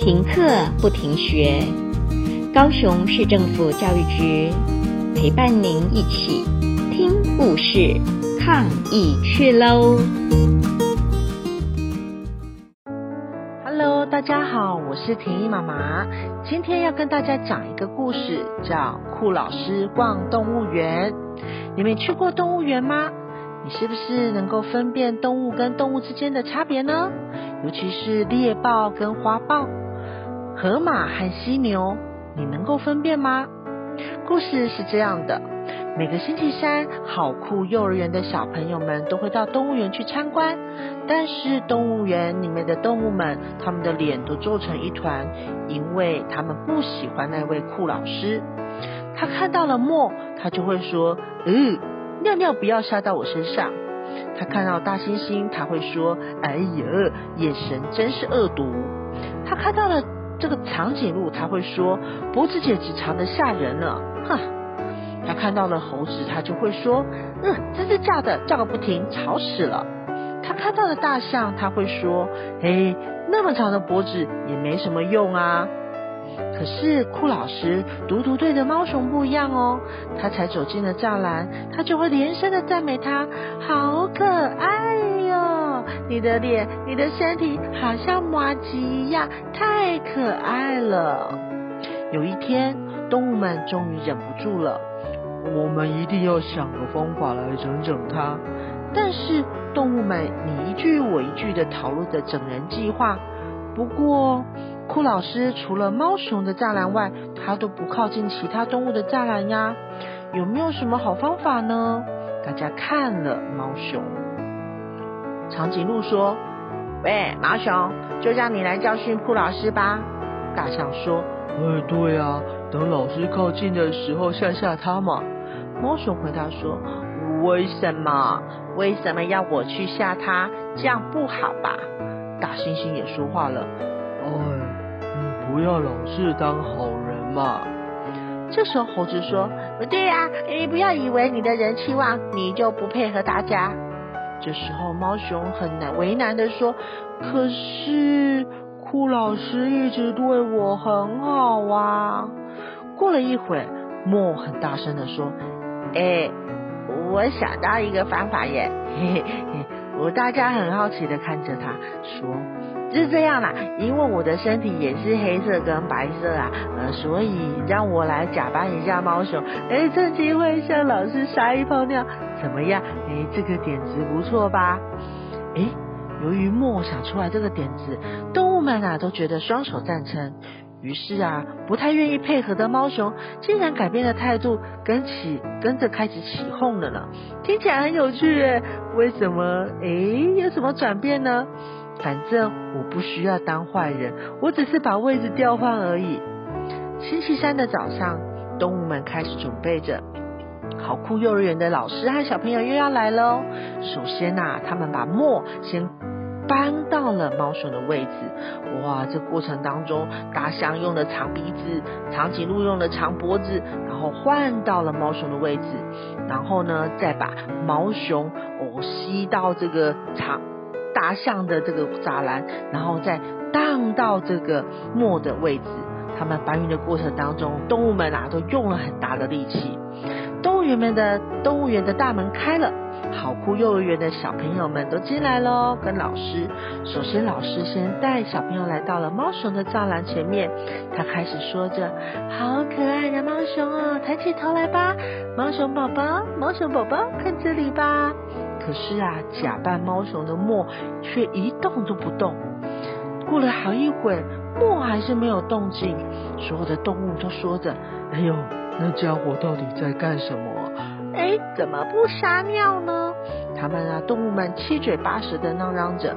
停課不停學，高雄市政府教育局陪伴您一起聽故事，抗疫趣嘍！Hello，大家好，我是婷儀媽媽，今天要跟大家講一個故事，叫《酷老師逛動物園》。你們去過動物園嗎？你是不是能夠分辨動物跟動物之間的差別呢？尤其是獵豹跟花豹、河馬和犀牛，你能夠分辨嗎？故事是這樣的：每個星期三，好酷幼兒園的小朋友們都會到動物園去參觀。但是動物園裡面的動物們，他們的臉都皺成一團，因為他們不喜歡那位酷老師。他看到了貘，他就會說：“嗯、呃，尿尿不要撒到我身上。”他看到大猩猩，他會說：“哎呀，眼神真是惡毒。”他看到了這個長頸鹿，他會說：“脖子簡直長得嚇人了，哈。”他看到了猴子，他就會說：“嗯、呃，吱吱叫的，叫個不停，吵死了。”他看到了大象，他會說：“哎，那麼長的脖子也沒什麼用啊。”可是酷老師獨獨對的貓熊不一樣哦，他才走進了柵欄，他就會連聲的讚美他，好可愛喲、哦！你的臉，你的身體，好像麻糬一樣，太可愛了。有一天，動物們終於忍不住了，我們一定要想個方法來整整他。但是，動物們你一句我一句的討論着整人計劃。不過。酷老師除了貓熊的柵欄外，他都不靠近其他動物的柵欄呀。有沒有什麼好方法呢？大家看了貓熊，長頸鹿說：“喂，貓熊，就讓你來教訓酷老師吧。”大象說：“哎，對啊，等老師靠近的時候嚇嚇他嘛。”貓熊回答說：“為什麼？為什麼要我去嚇他？這樣不好吧？”大猩猩也說話了：“哎。”不要老是當好人嘛！這時候猴子說：“不對呀、啊，你不要以為你的人氣旺，你就不配合大家。”這時候貓熊很難為難的說：“可是酷老師一直對我很好啊。”過了一會，貘很大聲的說：“哎，我想到一個方法耶！”嘿嘿，我大家很好奇的看着他說。是這樣啦、啊，因為我的身體也是黑色跟白色啊，呃，所以讓我來假扮一下貓熊，誒趁機會向老師撒一泡尿，怎麼樣？誒這個點子不錯吧？誒由於貘想出來這個點子，動物們啊都覺得雙手贊成，於是啊，不太願意配合的貓熊竟然改變了態度，跟起跟着開始起哄了呢，聽起來很有趣誒，為什麼？誒有什麼轉變呢？反正我不需要當壞人，我只是把位置調換而已。星期三的早上，動物們開始準備着。好酷幼兒園的老師和小朋友又要來嘍。首先吶、啊，他們把貘先搬到了貓熊的位置。哇，這過程當中，大象用了長鼻子，長頸鹿用了長脖子，然後換到了貓熊的位置。然後呢，再把貓熊哦吸到這個長。大象的這個柵欄，然後再盪到這個貘的位置。他們搬運的過程當中，動物們啊都用了很大的力氣。動物園們的動物園的大門開了，好酷幼兒園的小朋友們都進來嘍，跟老師。首先老師先帶小朋友來到了貓熊的柵欄前面，他開始說着：“好可愛的貓熊哦，抬起頭來吧，貓熊寶寶，貓熊寶寶，看這裡吧。”可是啊，假扮貓熊的貘卻一動都不動。過了好一會，貘還是沒有動靜。所有的動物都說着：“哎呦，那家伙到底在幹什麼？哎，怎麼不撒尿呢？”他們啊，動物們七嘴八舌的嚷嚷着：“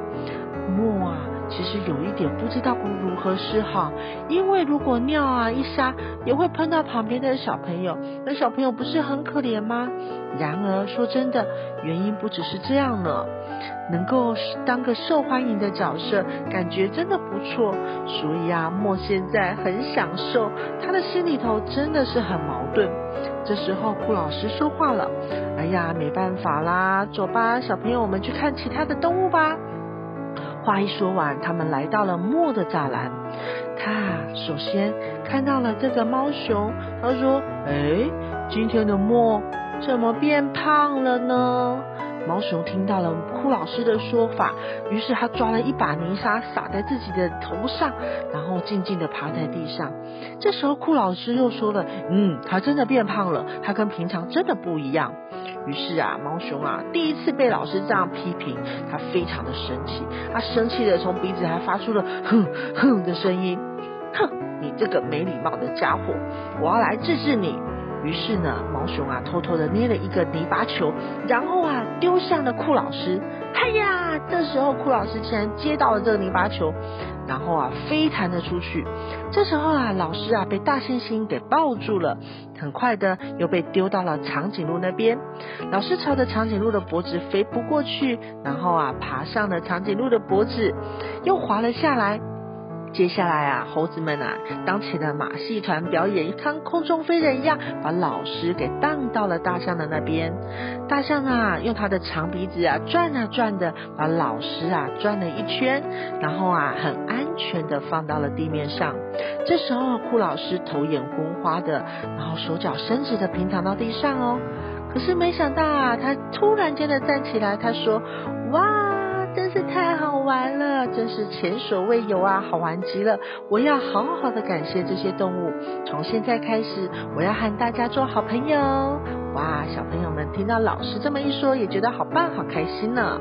貘啊！”其實有一點不知道該如何是好，因為如果尿啊一撒，也會噴到旁邊的小朋友，那小朋友不是很可憐嗎？然而說真的，原因不只是這樣呢，能夠當個受歡迎的角色，感覺真的不錯，所以啊，貘現在很享受。他的心裡頭真的是很矛盾。這時候酷老師說話了：“哎呀，沒辦法啦，走吧，小朋友，我們去看其他的動物吧。”話一說完，他們來到了貘的柵欄。他首先看到了這個貓熊，他說：“哎，今天的貘怎麼變胖了呢？”貓熊聽到了酷老師的說法，於是他抓了一把泥沙撒在自己的頭上，然後靜靜的趴在地上。這時候酷老師又說了：“嗯，他真的變胖了，他跟平常真的不一樣。”於是啊，貓熊啊第一次被老師這樣批評，他非常的生氣，他生氣的從鼻子還發出了哼哼的聲音：“哼，你這個沒禮貌的家伙，我要來治治你。”於是呢，貓熊啊，偷偷的捏了一個泥巴球，然後啊，丟向了酷老師。哎呀，這時候酷老師竟然接到了這個泥巴球，然後啊，飛彈了出去。這時候啊，老師啊，被大猩猩給抱住了，很快的又被丟到了長頸鹿那邊。老師朝着長頸鹿的脖子飛撲過去，然後啊，爬上了長頸鹿的脖子，又滑了下來。接下來啊，猴子們啊，當起了馬戲團表演，像空中飛人一樣，把老師給盪到了大象的那邊。大象啊，用它的長鼻子啊，轉啊轉的，把老師啊轉了一圈，然後啊，很安全的放到了地面上。這時候啊，酷老師頭眼昏花的，然後手腳伸直的平躺到地上哦。可是沒想到啊，他突然間的站起來，他說：“哇，真是太好！”玩了，真是前所未有啊，好玩極了！我要好好的感謝這些動物。從現在開始，我要和大家做好朋友。哇，小朋友們聽到老師這麼一說，也覺得好棒，好開心呢、啊。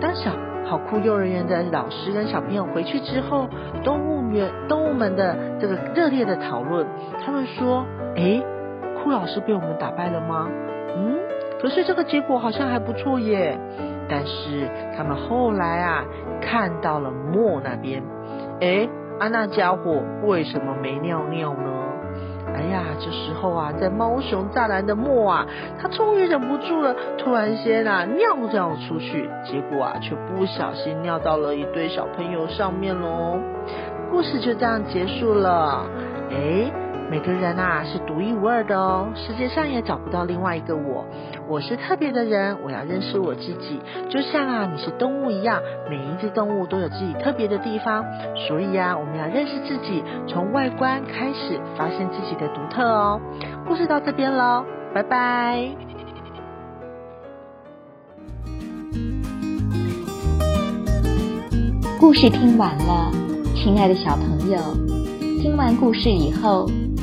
當小好酷幼兒園的老師跟小朋友回去之後，動物園動物們的這個熱烈的討論，他們說：“哎、欸，酷老師被我們打敗了嗎？”嗯，可是這個結果好像還不錯耶。但是他們後來啊，看到了貘那邊，哎，啊那家伙為什麼沒尿尿呢？哎呀，這時候啊，在貓熊柵欄的貘啊，他終於忍不住了，突然間啊尿尿出去，結果啊卻不小心尿到了一堆小朋友上面嘍。故事就這樣結束了，哎。每個人啊是獨一無二的哦，世界上也找不到另外一個我。我是特別的人，我要認識我自己，就像啊你是動物一樣，每一隻動物都有自己特別的地方。所以呀，我們要認識自己，從外觀開始發現自己的獨特哦。故事到這邊嘍，拜拜。故事聽完了，親愛的小朋友，聽完故事以後。